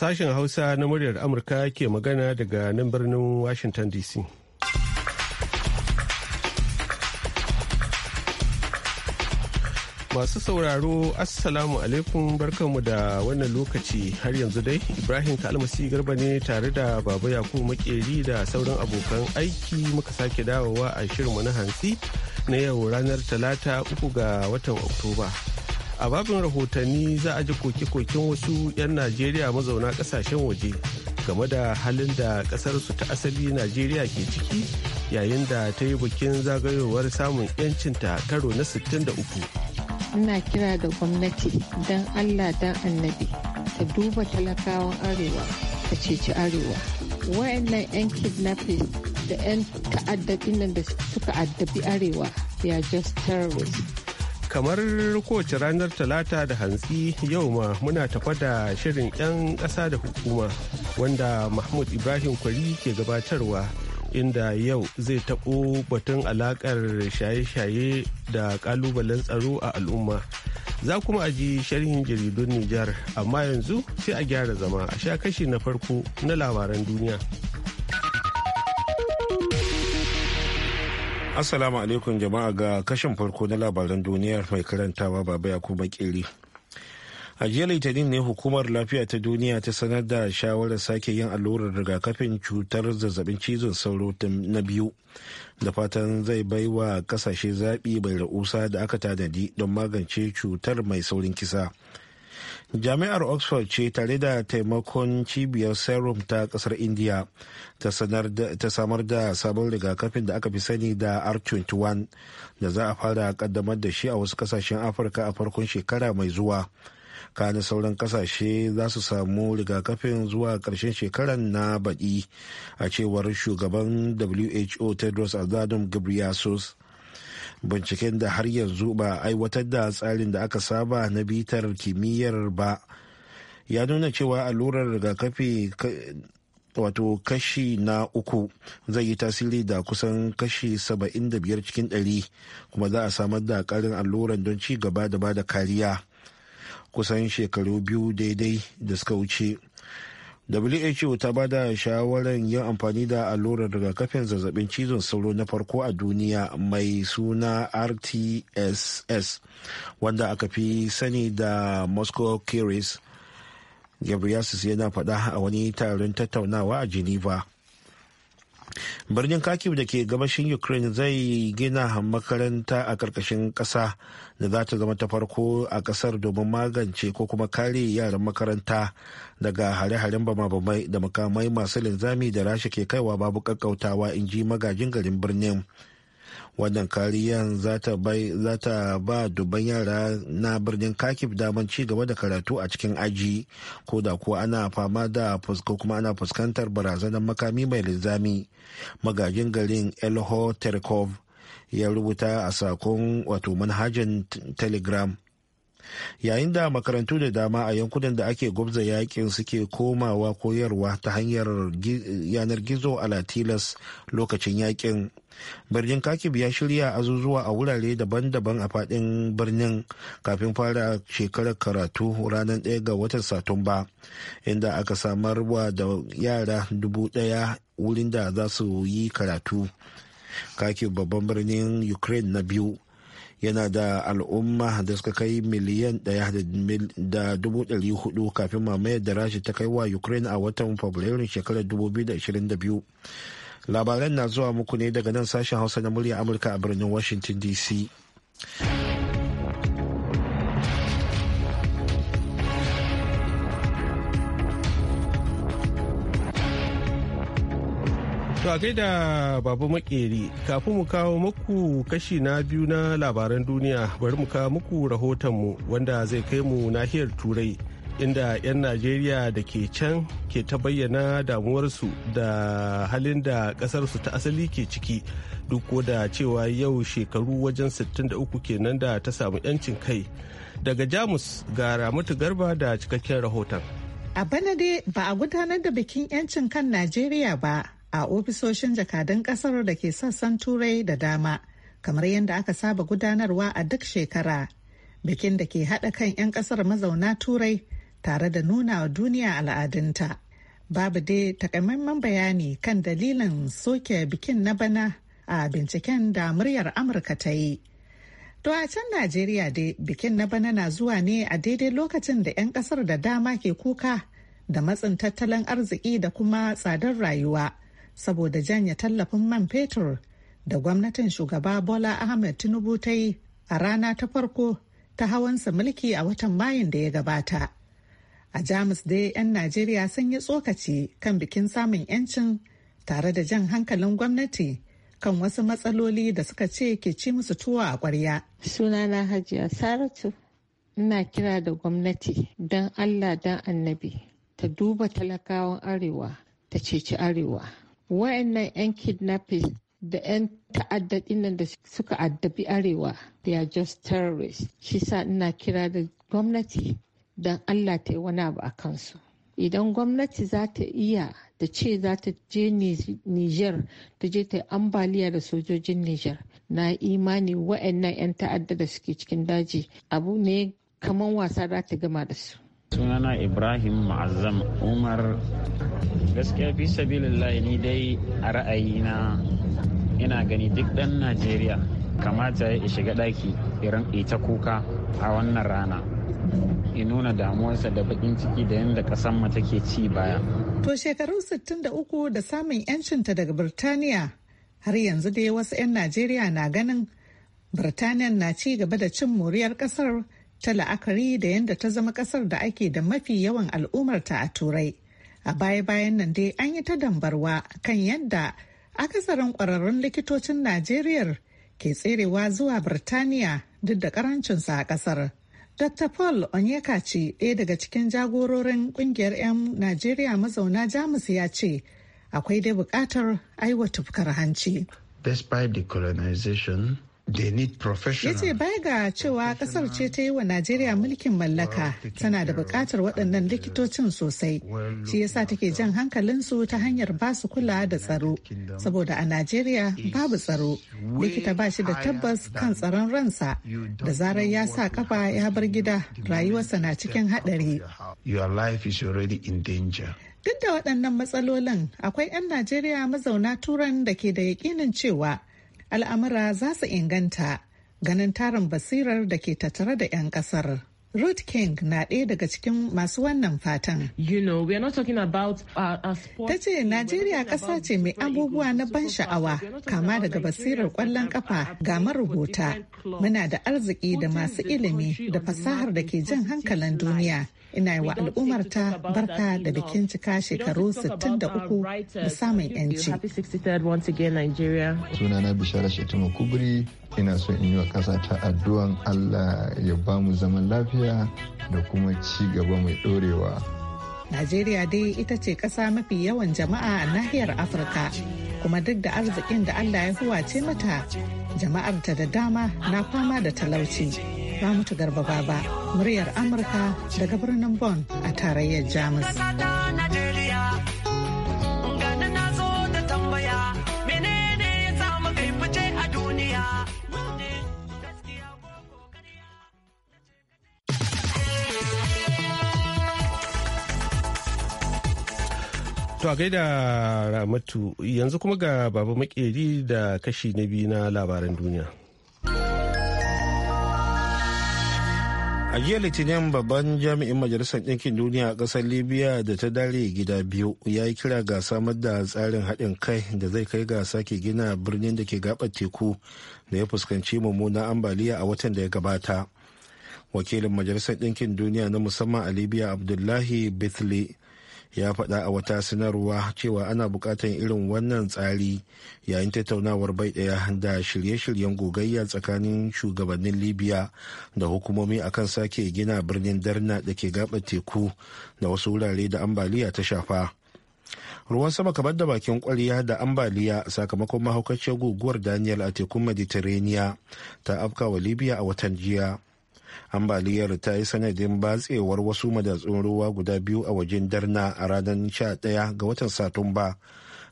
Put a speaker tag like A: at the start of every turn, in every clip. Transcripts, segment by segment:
A: Sashen Hausa na muryar Amurka ke magana daga nan birnin Washington DC. Masu sauraro Assalamu alaikum barkanmu da wannan lokaci har yanzu dai Ibrahim Kalmasi Garba ne tare da Baba Yakubu Makeri da sauran abokan aiki muka sake dawowa a shirinmu na hantsi na yau ranar Talata uku ga watan Oktoba. a babin rahotanni za a ji koke-koken wasu 'yan najeriya mazauna kasashen waje game da halin da kasarsu ta asali najeriya ke ciki yayin da ta yi bikin zagayowar samun 'yancinta karo na 63
B: ina kira da gwamnati don allah don annabi ta duba talakawan arewa ta ceci arewa wayannan 'yan kidnappers da 'yan ta'addabin da suka addabi arewa ya just terrorist
A: kamar kowace ranar talata da hantsi yau ma muna tafa da shirin 'yan ƙasa da hukuma wanda mahmud ibrahim kwari ke gabatarwa inda yau zai taɓo batun alaƙar shaye-shaye da ƙalubalen tsaro a al'umma za kuma aji sharhin jaridun nijar amma yanzu sai a gyara zama a sha kashi na farko na labaran duniya.
C: Assalamu alaikum jama'a ga kashin farko na labaran duniya mai karantawa baba ya kuma kiri. A jiya Litinin ne hukumar lafiya ta duniya ta sanar da shawarar sake yin allurar rigakafin cutar zazzabin cizon sauro na biyu da fatan zai bai wa kasashe zaɓi bai ra'usa da aka tanadi don magance cutar mai saurin kisa. jami'ar oxford ce tare da taimakon cibiyar serum ta kasar india ta samar da sabon rigakafin da aka fi sani da r21 da za a fara kaddamar da shi a wasu kasashen afirka a farkon shekara mai zuwa kanin sauran kasashe za su samu rigakafin zuwa karshen shekaran na baɗi a cewar shugaban who tedros adhanom ghebreyesus binciken da har yanzu ba a aiwatar da tsarin da aka saba na bitar kimiyyar ba ya nuna cewa allurar rigakafi wato kashi na uku zai yi tasiri da kusan kashi saba'in da biyar cikin ɗari kuma za a samar da karin alluran don ci gaba da bada kariya kusan shekaru biyu daidai da suka wuce who ta ba da shawarar yin amfani da allurar rigakafin zazzabin cizon sauro na farko a duniya mai suna rtss wanda aka fi sani da moscow curies gabriel yana faɗa a wani taron tattaunawa a geneva birnin kharkiv da ke gabashin ukraine zai gina makaranta a karkashin ƙasa da za ta zama ta farko a ƙasar domin magance ko kuma kare yaran makaranta daga hare-haren bama-bamai da makamai masu linzami da rasha ke kaiwa babu ƙaƙƙautawa in ji magajin garin birnin wannan kariyan za ta ba dubban yara na birnin kakif damar ci gaba da karatu a cikin aji ko da kuwa ana fama da fuska kuma ana fuskantar barazanar makami mai linzami magajin garin elho terkov ya rubuta a sakon wato manhajar telegram yayin da makarantu da dama a yankunan da ake gwabza yakin suke komawa koyarwa ta hanyar yanar gizo a latilas lokacin yakin birnin kakib ya shirya azuzuwa a wurare daban-daban a fadin birnin kafin fara shekarar karatu ranar 1 ga watan satumba inda aka samarwa da yara dubu daya wurin da za su yi karatu kakib babban birnin ukraine na biyu yana da al'umma da suka kai miliyan ɗaya da dubu ɗari hudu kafin mamayar da rashi ta kai wa ukraine a watan fabrairun shekarar 2022 labaran na zuwa muku ne daga nan sashen hausa na murya amurka a birnin washington dc
A: To a gaida babu makeri kafin mu kawo muku kashi na biyu na labaran duniya bari mu kawo muku rahotonmu wanda zai kai mu nahiyar turai inda 'yan najeriya da ke can ke ta bayyana damuwarsu da halin da kasarsu ta asali ke ciki duk ko da cewa yau shekaru wajen 63 kenan da ta samu 'yancin kai daga jamus ga ramatu garba da cikakken rahoton
D: a bana dai ba a gudanar da bikin 'yancin kan najeriya ba a ofisoshin jakadan kasar da ke sassan turai da dama kamar yadda aka saba gudanarwa a duk shekara bikin da ke haɗa kan 'yan ƙasar mazauna turai tare da nuna wa duniya al'adunta babu dai takamaiman bayani kan dalilin soke bikin na bana a binciken da muryar amurka ta yi to a can najeriya dai bikin na bana na zuwa ne a daidai lokacin da 'yan ƙasar da dama ke kuka da matsin tattalin arziki da kuma tsadar rayuwa saboda janya tallafin man fetur da gwamnatin shugaba Bola Ahmed Tinubu ta yi a rana ta farko ta hawansa mulki a watan Mayun da ya gabata. A Jamus dai 'yan Najeriya sun yi tsokaci kan bikin samun 'yancin tare da jan hankalin gwamnati kan wasu matsaloli da suka ce ke ci musu tuwa a kwarya
B: Sunana Hajiya Saratu, ina kira da gwamnati don Allah don annabi ta duba talakawan Arewa ta ceci Arewa. wayannan 'yan kidnappers da 'yan ta'adda nan da suka addabi arewa they are just terrorists shi sa ina kira da gwamnati don allah ta yi wani abu a kansu idan gwamnati za ta iya da ce za ta je niger ta je ta ambaliya da sojojin niger na imani wa'annan 'yan ta'adda da suke cikin daji abu ne kamar wasa za ta gama da su
E: sunana ibrahim ma'azam umar gaskiya fi sabilillahi ni dai a ra'ayi na ina gani duk ɗan najeriya kamata ya shiga ɗaki irin ita kuka a wannan rana ya nuna damuwarsa da bakin ciki da yadda kasan mu take ci baya.
D: To shekarun 63 da da samun 'yancinta daga Birtaniya har yanzu dai wasu 'yan Najeriya na ganin Birtaniya na ci gaba da cin moriyar kasar ta la'akari da yadda ta zama kasar da ake da mafi yawan al'ummarta a turai a baya-bayan nan dai an yi ta dambarwa kan yadda akasarin kwararrun likitocin najeriya ke tserewa zuwa birtaniya duk da karancinsa a kasar dr paul onyeka ce ɗaya daga cikin jagororin kungiyar 'yan najeriya mazauna jamus ya ce akwai dai buƙatar tufkar hanci
C: despite the they need professional.
D: Yace baya ga cewa kasar ce ta yi wa Najeriya mulkin mallaka tana da bukatar waɗannan likitocin sosai. Shi yasa take jan hankalinsu ta hanyar ba su kula da tsaro. Saboda a Najeriya babu tsaro. Likita ba shi da tabbas kan tsaron ransa. Da zarar ya sa kafa ya bar gida rayuwarsa na cikin haɗari.
F: Your life is already in danger.
D: Duk da waɗannan matsalolin akwai 'yan Najeriya mazauna turan da ke da yaƙinin cewa al'amura za su inganta ganin tarin basirar da ke tattare da 'yan kasar. Ruth King na ɗaya daga cikin masu wannan fatan.
B: You uh, Ta ce
D: Najeriya ƙasa ce mai abubuwa na ban sha'awa, kama daga basirar ƙwallon ƙafa ga marubuta. Muna da arziki da masu ilimi da fasahar da ke jan hankalin duniya. ina yi wa al'ummar ta barka da bikin cika shekaru 63 da samun yanci.
G: suna na Bishara Shetima Kubri ina so in yi wa kasa ta addu'an Allah ya ba mu zaman lafiya da kuma ci gaba mai ɗorewa.
D: Najeriya dai ita ce ƙasa mafi yawan jama'a a nahiyar Afirka kuma duk da arzikin da Allah ya huwace mata jama'ar ta da dama na fama da talauci. ba mutu Garba ba muryar Amurka daga birnin bon a tarayyar Jamus.
A: To a gaida Ramatu yanzu kuma ga Baba Makeri da kashi na biyu na labaran duniya.
C: jiya litinin babban jami'in majalisar ɗinkin duniya a ƙasar libya da ta dare gida biyu ya yi kira ga samar da tsarin haɗin kai da zai kai ga sake gina birnin da ke gabar teku da ya fuskanci mummunan ambaliya a watan da ya gabata wakilin majalisar ɗinkin duniya na musamman a libya abdullahi bithli ya faɗa a wata sanarwa cewa ana buƙatar irin wannan tsari yayin tattaunawar bai ɗaya da shirye-shiryen gogayya tsakanin shugabannin libya da hukumomi akan sake gina birnin darna da ke gaɓar teku da wasu wurare da ambaliya ta shafa ruwan sama kamar da bakin kwarya da ambaliya sakamakon mahaukaciyar guguwar daniel a tekun mediterania ta afkawa libya a watan jiya ambaliyar ta yi sanadin batsewar wasu madatsun ruwa guda biyu a wajen darna a ranar 11 ga watan satumba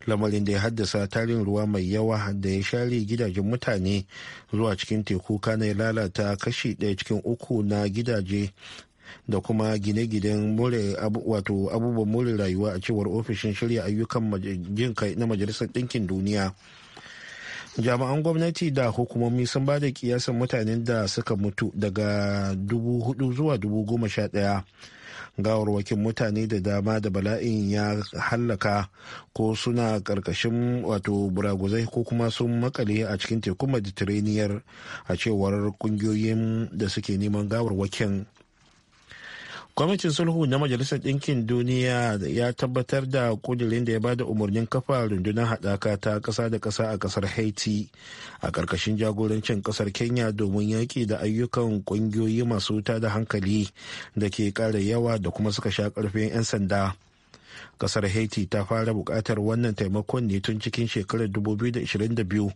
C: lamarin da ya haddasa tarin ruwa mai yawa da ya share gidajen mutane zuwa cikin teku kana ya lalata kashi ɗaya cikin uku na gidaje da kuma gine-ginen wato abubuwan more rayuwa a cewar ofishin shirya ayyukan na majalisar ɗinkin duniya jami'an gwamnati da hukumomi sun ba da kiyasan mutanen da suka mutu daga dubu hudu zuwa dubu goma sha daya gawarwakin mutane da dama da bala'in ya hallaka ko suna karkashin wato buraguzai ko kuma sun makale a cikin tekun mediterranean a cewar kungiyoyin da suke neman gawarwakin kwamitin sulhu na majalisar ɗinkin duniya ya tabbatar da kudirin da ya bada umarnin kafa rundunar haɗaka ta ƙasa da ƙasa a ƙasar haiti a ƙarƙashin jagorancin ƙasar kenya domin yaƙi da ayyukan ƙungiyoyi masu wuta da hankali da ke ƙara yawa da kuma suka sha ƙarfin 'yan sanda ƙasar haiti ta fara buƙatar wannan taimakon ne tun cikin shekarar 2022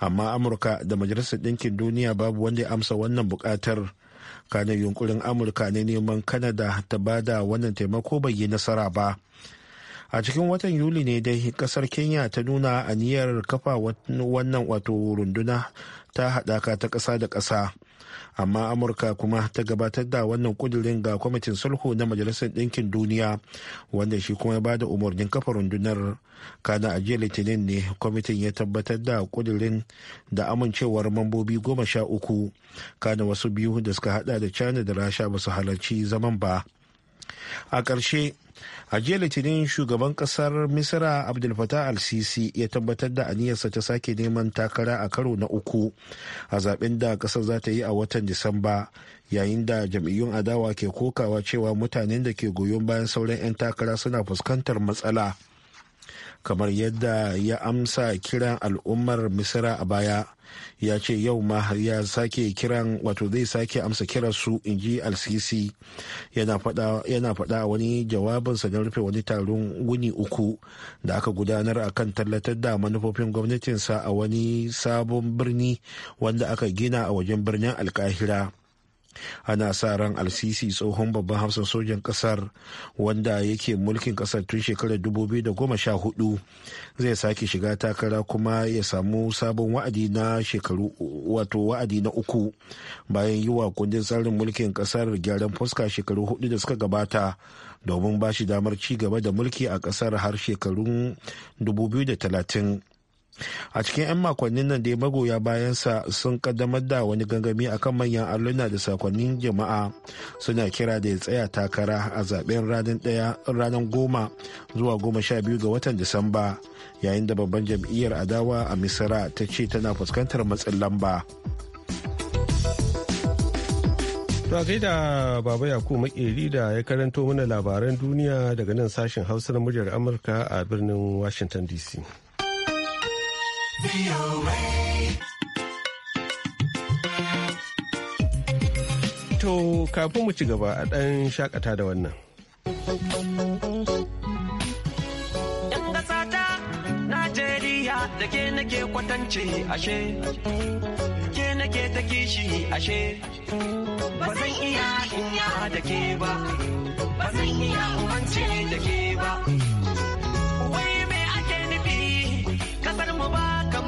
C: amma amurka da majalisar ɗinkin duniya babu wanda ya amsa wannan buƙatar. kanin yunkurin amurka ne neman kanada ta bada wannan taimako bai yi nasara ba a cikin watan yuli ne dai kasar kenya ta nuna aniyar kafa wannan wato runduna ta haɗaka ta ƙasa da ƙasa amma amurka kuma ta gabatar da wannan kudirin ga kwamitin sulhu na majalisar ɗinkin duniya wanda shi kuma ya ba da umarnin kafa rundunar kana a jiya litinin ne kwamitin ya tabbatar da kudirin da amincewar mambobi goma sha uku kana wasu biyu da suka hada da china da rasha ba su halarci zaman ba a ƙarshe a jiya litinin shugaban kasar misira abdul fatah al-sisi ya tabbatar da aniyarsa ta sake neman takara a karo na uku a zaben da kasar za ta yi a watan disamba yayin da jam'iyyun adawa ke kokawa cewa mutanen da ke goyon bayan sauran 'yan takara suna fuskantar matsala kamar yadda ya amsa kiran al'ummar misira a baya ya ce yau ma ya sake kiran wato zai sake amsa kiransu in ji al yana faɗa wani jawabinsa don rufe wani taron wuni uku da aka gudanar a kan tallatar da manufofin gwamnatinsa a wani sabon birni wanda aka gina a wajen birnin alkahira ana sa ran alsisi tsohon babban hafsan sojan kasar wanda yake mulkin kasar tun shekarar 2014 zai sake shiga takara kuma ya samu sabon wa'adi na shekaru wato wa'adi na uku bayan yi wa kundin tsarin mulkin kasar gyaran fuska shekaru hudu da suka gabata domin ba shi damar ci gaba da mulki a kasar har shekarun 2030 a cikin 'yan makonnin nan dai magoya bayansa sun kaddamar da wani gangami a kan manyan alluna da sakonnin jama'a suna kira da ya tsaya takara a zaben ranar goma zuwa goma sha biyu ga watan disamba yayin da babban jam'iyyar adawa a misira ta ce tana fuskantar matsin lamba
A: To gaida Baba Yakubu Makeri da ya karanto mana labaran duniya daga nan sashen Hausa na muryar Amurka a birnin Washington DC. To kafin mu ci gaba a ɗan shakata da wannan.
H: ‘Yan ƙasa ta Najeriya da ke nake kwatance ashe, ke nake ta kishi ashe, ba zan iya inya da ke ba, ba zan iya umance da ke ba.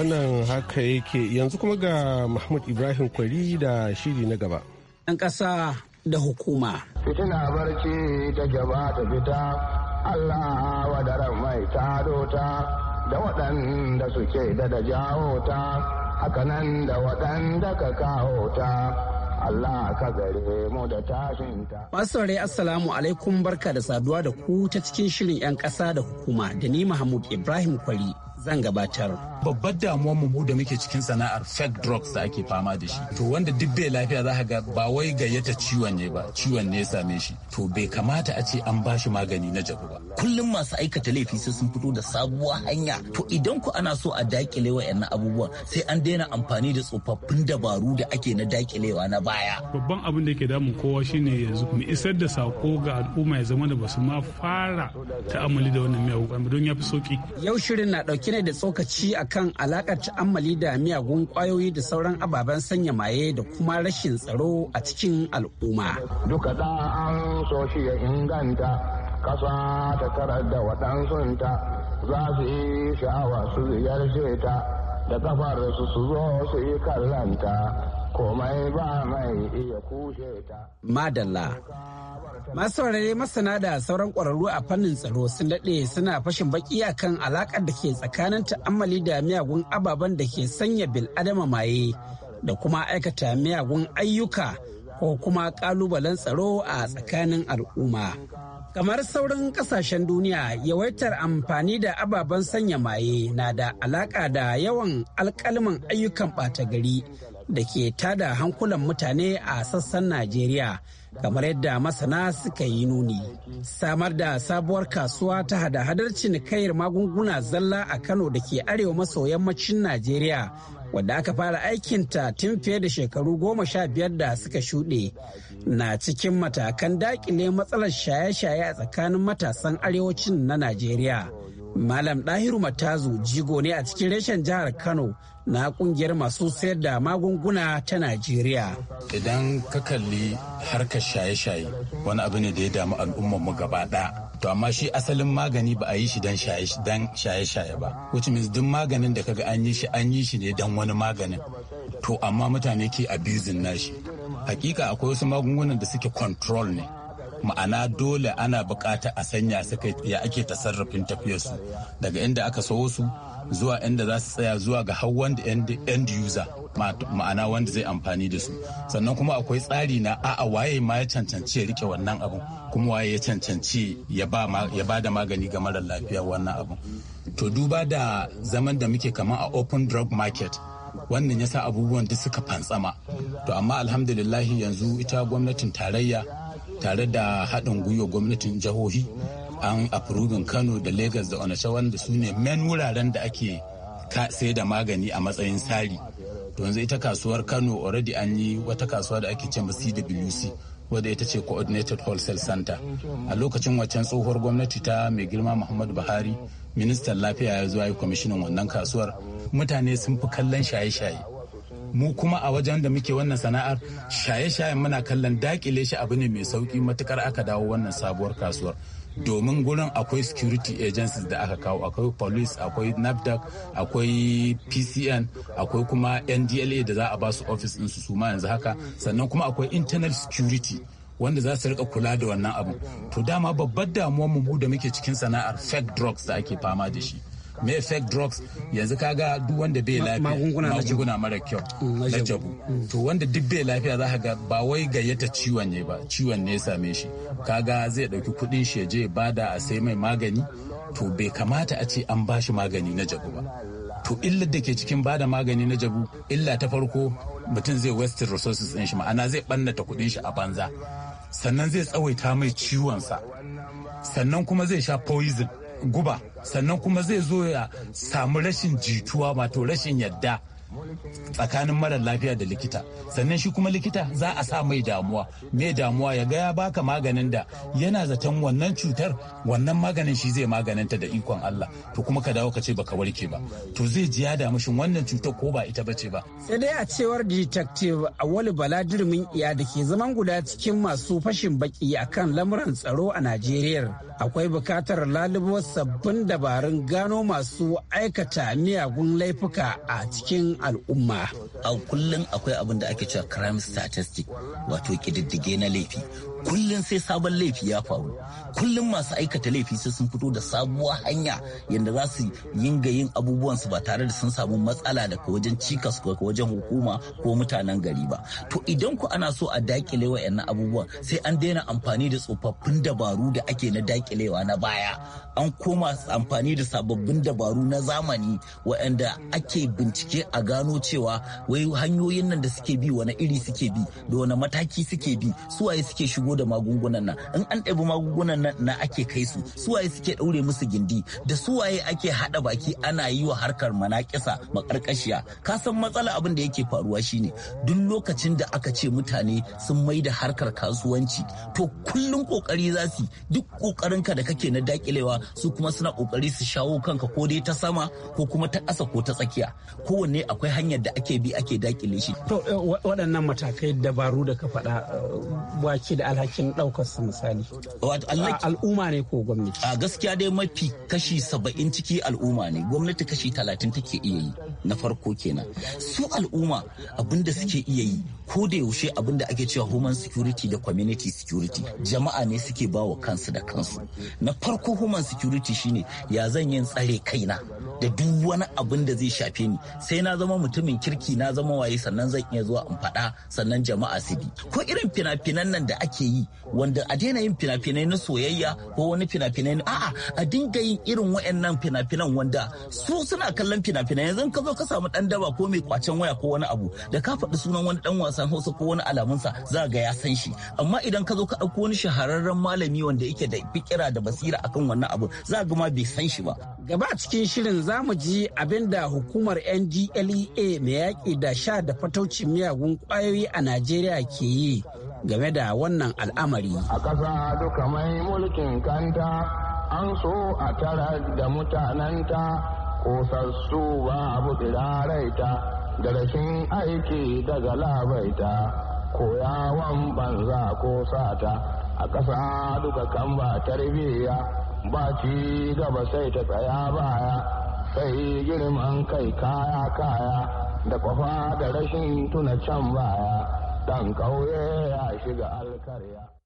A: wannan haka yake yanzu kuma ga mahmud ibrahim kwari da shiri na gaba
I: ɗan ƙasa
A: da
E: hukuma
I: fitina barci ta gaba ta fita allah wadaran mai taro ta da waɗanda suke da da jawo ta hakanan da waɗanda ka kawo ta Allah ka gare mu da ta.
E: Masu rai Assalamu alaikum barka da saduwa da ku ta cikin shirin 'yan ƙasa da hukuma da ni Mahmud Ibrahim Kwari zan gabatar. Babbar damuwar mu mu da muke cikin
F: sana'ar fake drugs da ake fama da shi. To wanda duk bai lafiya za ga ba wai gayyata ciwon ne ba,
J: ciwon ne ya same shi. To bai kamata a ce an ba shi magani na jabu ba. Kullum masu aikata laifi sai sun fito da sabuwar hanya. To idan ku ana so a dakile wa'annan abubuwan sai an daina amfani da tsofaffin dabaru da ake na dakilewa na baya.
K: Babban abin da ke damun kowa shine yanzu mu isar da sako ga al'umma ya zama da basu ma fara ta'amali da wannan miyagun don ya fi sauki.
E: Yau shirin na ɗauke dauke ne da tsokaci akan alakar ta'ammali da miyagun kwayoyi da sauran ababen sanya maye da kuma rashin tsaro a cikin al'umma.
I: Duka da an so shi ya inganta kasa ta karar da waɗansunta za su yi sha'awa su ziyarce ta da kafarsu su zo su yi kallanta komai ba mai iya kushe ta.
E: Madalla. Masu saurare masana da sauran ƙwararru a fannin tsaro sun daɗe suna fashin baki a kan alaƙar da ke tsakanin ta'ammali da miyagun ababen da ke sanya bil'adama maye da kuma aikata miyagun ayyuka ko kuma ƙalubalen tsaro a tsakanin al'umma. Kamar sauran kasashen duniya, yawaitar amfani da ababen sanya maye na da alaƙa da yawan alkalman ayyukan ɓata gari da ke tada hankulan mutane a sassan Najeriya, kamar yadda masana suka yi nuni. Samar da sabuwar kasuwa ta hada-hadar cinikayyar magunguna zalla a Kano da ke arewa maso yammacin Najeriya wadda aka fara aikinta tun fiye da shekaru goma sha biyar da suka shuɗe na cikin matakan dakile matsalar shaye-shaye a tsakanin matasan arewacin na najeriya malam Dahiru matazu jigo ne a cikin reshen jihar kano na kungiyar masu sayar da magunguna ta Najeriya. Idan ka kalli harkar
F: shaye-shaye wani abu ne da ya damu al'ummar mu gaba To amma shi asalin magani ba a yi shi don shaye-shaye ba. Which means duk maganin da kaga an yi shi an yi shi ne dan wani maganin. To amma mutane ke abizin nashi. Hakika akwai wasu magungunan da suke control ne. ma'ana dole ana bukata a sanya su ya ake tasarrafin tafiyarsu daga inda aka so su zuwa inda za su tsaya zuwa ga hawan wanda end user ma'ana wanda zai amfani da su sannan kuma akwai tsari na a'a waye ma ya cancanci ya rike wannan abun kuma waye ya cancanci ya ba da magani ga marar lafiya wannan abun to duba da zaman da muke kama a open drug market wannan ya sa abubuwan duk suka fantsama to amma alhamdulillahi yanzu ita gwamnatin tarayya tare da haɗin gwiwa gwamnatin jihohi an approving kano da lagos da onitsha wanda su ne men wuraren da ake sai da magani a matsayin sari to yanzu ita kasuwar kano already an yi wata kasuwa da ake ce cwc wadda ita ce coordinated wholesale center a lokacin waccan tsohuwar gwamnati ta mai girma muhammadu buhari ministan lafiya ya zuwa yi kwamishinan wannan kasuwar mutane sun fi kallon shaye-shaye mu kuma a wajen da muke wannan sana'ar shaye-shayen muna kallon dakile shi abu ne mai sauki matukar aka dawo wannan sabuwar kasuwar domin gurin akwai security agencies da aka kawo akwai police akwai nafdac akwai pcn akwai kuma ndla da za a ba su office ɗinsu su ma yanzu haka sannan kuma akwai internal security wanda za su rika kula da wannan abu to dama babbar damuwar mu da muke cikin sana'ar fake drugs da ake fama da shi me fake drugs yanzu kaga duk wanda bai lafiya magunguna mara kyau mm, na jabu mm. to wanda duk bai lafiya za ga ba wai gayyata ciwon ne ba ciwon ne ya same shi kaga zai dauki kudin shi ya je bada a sai mai magani to bai kamata a ce an bashi magani na jabu ba to illa da ke cikin bada magani na jabu illa ta farko mutum zai Western resources din shi ma'ana zai bannata kuɗin shi a banza sannan zai tsawaita mai ciwon sa sannan kuma zai sha poison guba sannan kuma zai zo ya samu rashin jituwa wato rashin yadda tsakanin marar lafiya da likita sannan shi kuma likita za a sa mai damuwa mai damuwa ya ga ya baka maganin da yana zaton wannan cutar wannan maganin shi zai maganinta da ikon Allah to kuma ka dawo ka ce baka warke ba to zai ji ya damu shin wannan cutar ko ba ita bace ba
E: sai dai a cewar detective Awali Baladirmin iya da ke zaman guda cikin masu fashin baki akan lamuran tsaro a Najeriya akwai bukatar lalubo sabbin dabarun gano masu aikata miyagun laifuka a cikin al'umma
J: a kullum akwai abin da ake cewa crime statistic wato kididdige na laifi kullum sai sabon laifi ya faru kullum masu aikata laifi sai sun fito da sabuwar hanya yadda za su yinga yin abubuwan su ba tare da sun samu matsala daga wajen cikas ko wajen hukuma ko mutanen gari ba to idan ku ana so a dakile wayannan abubuwan sai an daina amfani da tsofaffin dabaru da ake na dakilewa na baya an koma amfani da sababbin dabaru na zamani wayanda ake bincike a gano cewa wai hanyoyin nan da suke bi wani iri suke bi da wani mataki suke bi su waye suke shigo shigo da magungunan nan in an ɗabi magungunan nan na ake kai su suwaye suke ɗaure musu gindi da suwaye ake haɗa baki ana yi wa harkar manaƙisa makarkashiya ka san matsala abin da yake faruwa shine duk lokacin da aka ce mutane sun mai da harkar kasuwanci to kullum kokari za su duk kokarin da kake na dakilewa su kuma suna kokari su shawo kanka ko dai ta sama ko kuma ta ƙasa ko ta tsakiya kowanne akwai hanyar da ake bi ake dakile shi
E: to eh, waɗannan matakai dabaru da ka faɗa eh, wake da alhakin ɗaukar su misali al'umma ne ko gwamnati
J: a gaskiya dai mafi kashi saba'in ciki al'umma ne gwamnati kashi talatin take iya yi na farko kenan su al'umma abinda suke iya yi ko da yaushe abinda ake cewa human security da community security jama'a ne suke bawa wa kansu da kansu na farko human security shine ya zan yin tsare kaina da duk wani abin da zai shafe ni sai na zama mutumin kirki na zama waye sannan zan iya zuwa in faɗa sannan jama'a su bi ko irin fina-finan nan da ake yi wanda a daina yin fina-finai na soyayya ko wani fina-finai a'a a dinga yin irin wa'annan fina-finan wanda su suna kallon fina-finai yanzu ka zo ka samu dan daba ko mai kwacen waya ko wani abu da ka faɗi sunan wani dan wasan hausa ko wani alamunsa za ga ya san shi amma idan ka zo ka ɗauko wani shahararren malami wanda yake da fikira da basira akan wannan abu za ga ma bai san shi
E: ba gaba cikin shirin zamu mu ji abin da hukumar ndlea mai yaƙi da sha da fataucin miyagun kwayoyi a najeriya ke yi game da wannan al'amari
I: a ƙasa duka mai mulkin kanta an so a tara da mutanenta. kosassu ba abu tsiraraita da rashin aiki daga labaita koyawan banza ko sata a ƙasa duka kan ba tarbiyya ba ci gaba sai ta tsaya baya sai girman kai kaya kaya da kwafa da rashin tuna can baya ɗan ƙauye ya shiga alkarya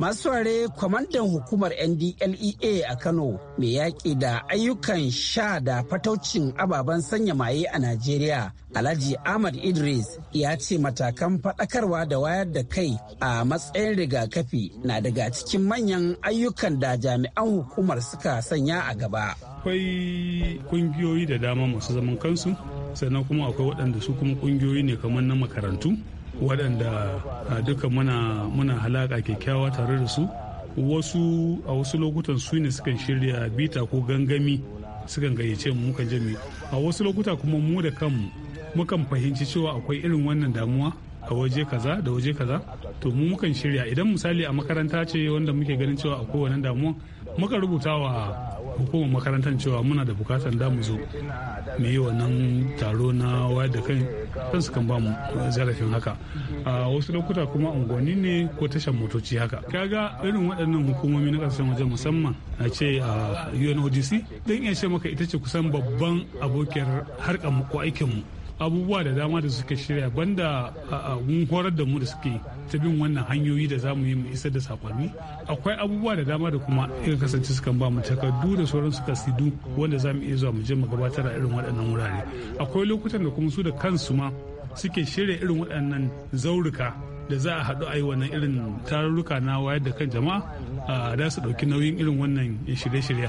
E: Masu ware kwamandan hukumar NDLEA a Kano mai yaƙi da ayyukan sha da fataucin ababen sanya maye a Najeriya, Alhaji Ahmad Idris ya ce matakan faɗakarwa da wayar da kai a matsayin rigakafi na daga cikin manyan ayyukan da jami'an hukumar suka sanya a gaba.
K: Akwai kungiyoyi da dama masu zaman kansu, sannan kuma akwai waɗanda su kuma kungiyoyi ne kamar na makarantu. waɗanda a duka muna muna halaka kyakkyawa tare da su wasu a wasu lokutan su ne sukan shirya bita ko gangami sukan gayyace mu muka jami a wasu lokuta kuma mu da kanmu mukan fahimci cewa akwai irin wannan damuwa a waje kaza da waje kaza to mu mukan shirya idan misali a makaranta ce wanda muke ganin cewa akwai wannan damuwa muka rubuta wa hukumar makarantar cewa muna da bukatar da mu zo mu yi wannan taro na wayar da kai kan su kan ba mu zarafin haka a wasu lokuta kuma unguwanni ne ko tashar motoci haka kaga irin waɗannan hukumomi na ƙasashen waje musamman a ce a unodc don iya ce maka ita ce kusan babban abokiyar harkar ko aikin mu abubuwa da dama da suka shirya banda a horar da mu da suke ta bin wannan hanyoyi da za mu yi mu isa da sakonni akwai abubuwa da dama da kuma irin kasance sukan ba mu takardu da sauran su kasidu wanda za mu iya zuwa mu je mu gabatar a irin waɗannan wurare akwai lokutan da kuma su da kansu ma suke shirya irin waɗannan zaurika da za a haɗu a yi wannan irin tarurruka na wayar da kan jama'a da su ɗauki nauyin irin wannan shirye-shirye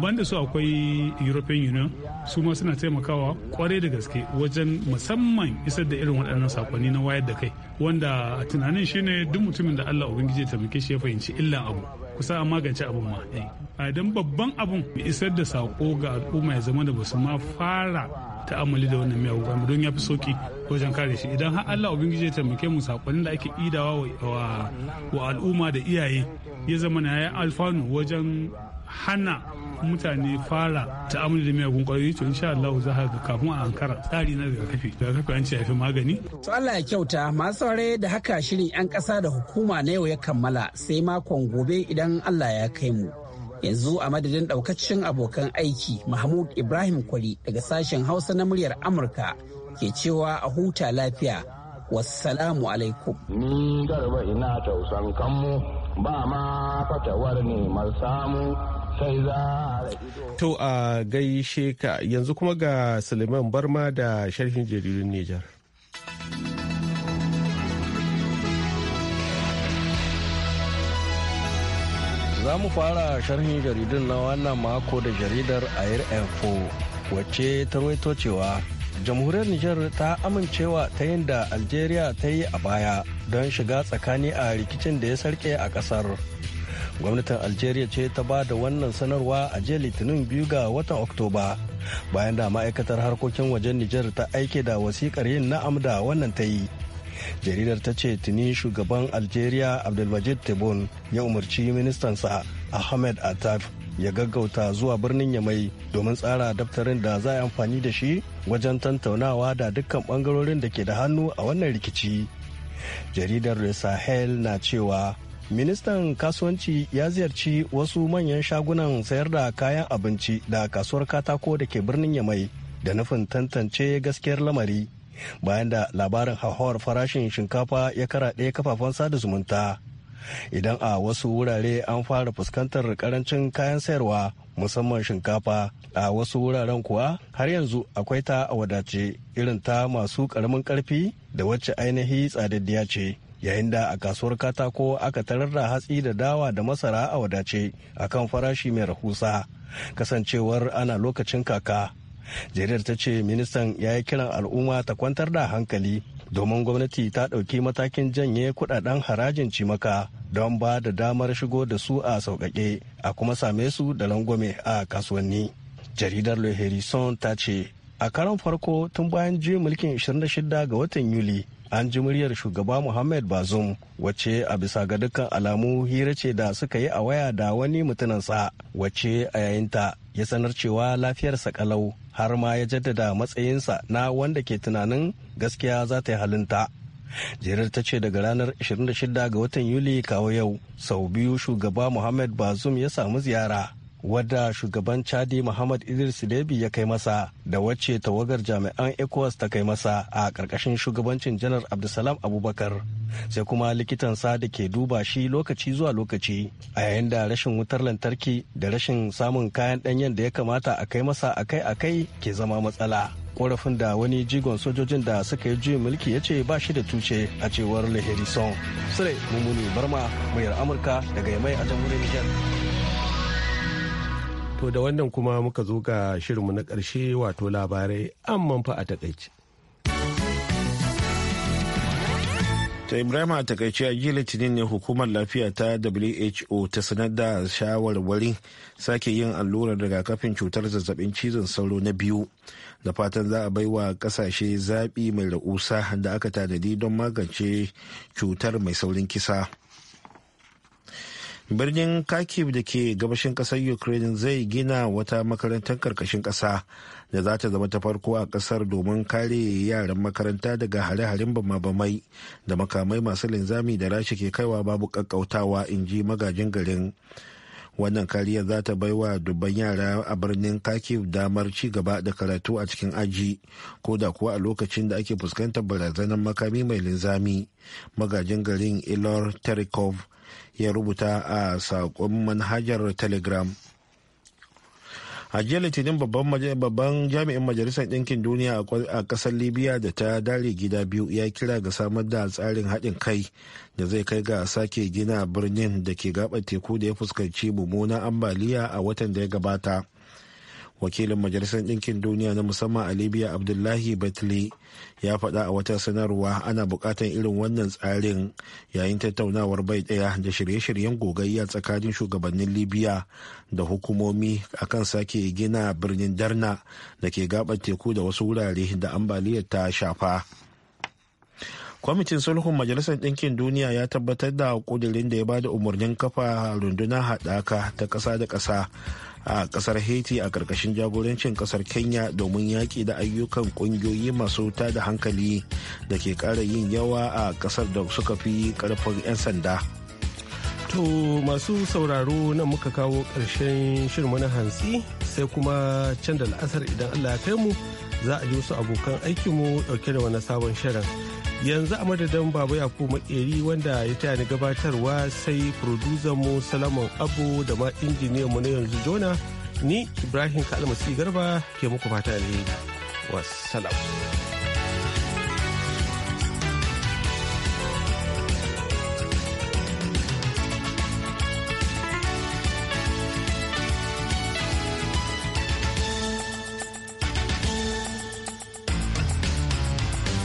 K: banda su akwai european union su ma suna taimakawa kwarai da gaske wajen musamman isar da irin waɗannan sakonni na wayar da kai wanda a tunanin shine duk mutumin da allah ubangiji ya taimake shi ya fahimci illan abu kusa eh, a magance abin ma idan babban abun isar da sako ga al'umma ya zama da basu ma fara ta'amali da wannan miyagun kwayoyi don ya fi sauki wajen kare shi idan har Allah ubangiji ya taimake mu sakonnin da ake idawa wa al'umma da iyaye ya zama na ya alfanu wajen hana mutane fara ta'amuli da miyagun kwayoyi to insha Allah za ka ga kafin a ankara tsari na rigakafi rigakafi an ce ya fi magani
E: to Allah ya kyauta masu saurare da haka shirin yan ƙasa da hukuma na yau ya kammala sai makon gobe idan Allah ya kai mu yanzu a madadin daukacin abokan aiki mahmud ibrahim kwali daga sashen hausa na muryar amurka ke cewa a huta
I: lafiya wassalamu alaikum ni garba ina tausan kanmu ba ma fatawar ne samu sai za
A: to a gaishe ka yanzu kuma ga suleiman barma da sharhin jaridun nijar
G: Za mu fara sharhin jaridun na wannan mako da jaridar Air Info wacce ta rawaito cewa jamhuriyar Nijar ta amincewa ta yin da Algeria ta yi a baya don shiga tsakani a rikicin da ya sarke a ƙasar. Gwamnatin Algeria ce ta ba da wannan sanarwa a jiya Litinin biyu ga watan Oktoba bayan da ma'aikatar harkokin wajen Nijar ta aike da wasikar yin na'am da wannan ta yi. jaridar ta ce tuni shugaban algeria abdulmajid tebon ya umarci ministansa ahmed ataf ya gaggauta zuwa birnin yamai domin tsara daftarin da za a amfani da shi wajen tantaunawa da dukkan bangarorin da ke da hannu a wannan rikici jaridar le sahel na cewa ministan kasuwanci ya ziyarci wasu manyan shagunan sayar da kayan abinci da kasuwar katako da ke birnin yamai da nufin tantance gaskiyar lamari bayan da labarin hauhawar farashin shinkafa ya kara ɗaya kafafen sada zumunta idan a wasu wurare an fara fuskantar karancin kayan sayarwa musamman shinkafa a wasu wuraren kuwa har yanzu akwai ta a wadace irin ta masu karamin karfi da wacce ainihi tsadaddiya ce yayin da a kasuwar katako aka tararra hatsi da dawa da masara a wadace akan farashi mai rahusa kasancewar ana lokacin kaka jaridar ta ce ministan ya yi kiran al'umma ta kwantar da hankali domin gwamnati ta ɗauki matakin janye kudaden harajin cimaka don ba da damar shigo da su a sauƙaƙe a kuma same su da langwame a kasuwanni jaridar le harrison ta ce a karon farko tun bayan juyin mulkin 26 ga watan yuli an ji muryar shugaba muhammad bazum wacce a bisa ga dukkan alamu hira ce da suka yi a waya da wani mutuminsa wacce a yayinta ya sanar cewa lafiyarsa kalau har ma ya jaddada matsayinsa na wanda ke tunanin gaskiya za ta yi halinta. jerar ta ce daga ranar 26 ga watan yuli kawo yau sau biyu shugaba muhammad bazum ya samu ziyara wadda shugaban chadi muhammad idris debi ya kai masa da wacce tawagar jami'an ecowas ta kai masa a karkashin shugabancin janar abdulsalam abubakar sai kuma likitansa da ke duba shi lokaci zuwa lokaci a yayin da rashin wutar lantarki da rashin samun kayan ɗanyen da ya kamata a kai masa akai-akai ke zama matsala korafin da wani jigon sojojin da suka yi juyin mulki ya ce ba shi da tushe a cewar lahiri song sule mummuni barma mayar amurka daga yamai a jamhuriyar nijar To da wannan
A: kuma muka zo ga shirinmu na ƙarshe wato labarai an fa a takaice.
C: ta ibrahim a takaice a jiya litinin ne hukumar lafiya ta who ta sanar da shawarwari sake yin allurar rigakafin cutar zazzabin cizon sauro na biyu da fatan za a bai wa kasashe zaɓi mai ra'usa da aka tanadi don magance cutar mai saurin kisa birnin kharkiv da ke gabashin kasar ukraine zai gina wata makarantar karkashin kasa da za ta zama ta farko a kasar domin kare yaran makaranta daga hare-haren bama-bamai da makamai masu linzami da rashi ke kaiwa babu kakkautawa in ji magajin garin wannan kariyar za ta bai wa dubban yara a birnin kharkiv damar ci gaba da karatu a cikin aji ko da kuwa a lokacin da ake fuskantar barazanar makami mai linzami magajin garin ilor terikov ya rubuta a saƙon manhajar telegram a jiya litinin babban jami'in majalisar ɗinkin duniya a ƙasar libya da ta dare gida biyu ya kira ga samar da tsarin haɗin kai da zai kai ga sake gina birnin da ke gaɓar teku da ya fuskanci mummunan ambaliya a watan da ya gabata wakilin majalisar ɗinkin duniya na musamman a libya abdullahi batli ya faɗa a wata sanarwa ana buƙatar irin wannan tsarin yayin tattaunawar bai ɗaya da shirye-shiryen gogayya tsakanin shugabannin libya da hukumomi akan sake gina birnin darna da ke gaɓar teku da wasu wurare da ambaliyar ta shafa kwamitin sulhun majalisar ɗinkin duniya ya tabbatar da kudirin da ya bada umarnin kafa rundunar haɗaka ta ƙasa da ƙasa a ƙasar haiti a ƙarƙashin jagorancin ƙasar kenya domin yaƙi da ayyukan ƙungiyoyi masu da hankali da ke ƙara yin yawa a ƙasar da suka fi ƙarfin 'yan sanda
A: to masu sauraro nan muka kawo ƙarshen shirmu na hantsi sai kuma can da la'asar idan allah ya kai mu za a ji wasu abokan aikinmu ɗauke da wani sabon shirin yanzu a madadin baba yaku makeri wanda ya taya ni gabatarwa sai producer mu salaman abu da ma injiniyan mu na yanzu jona ni ibrahim kalmasi garba ke muku fata wasu salam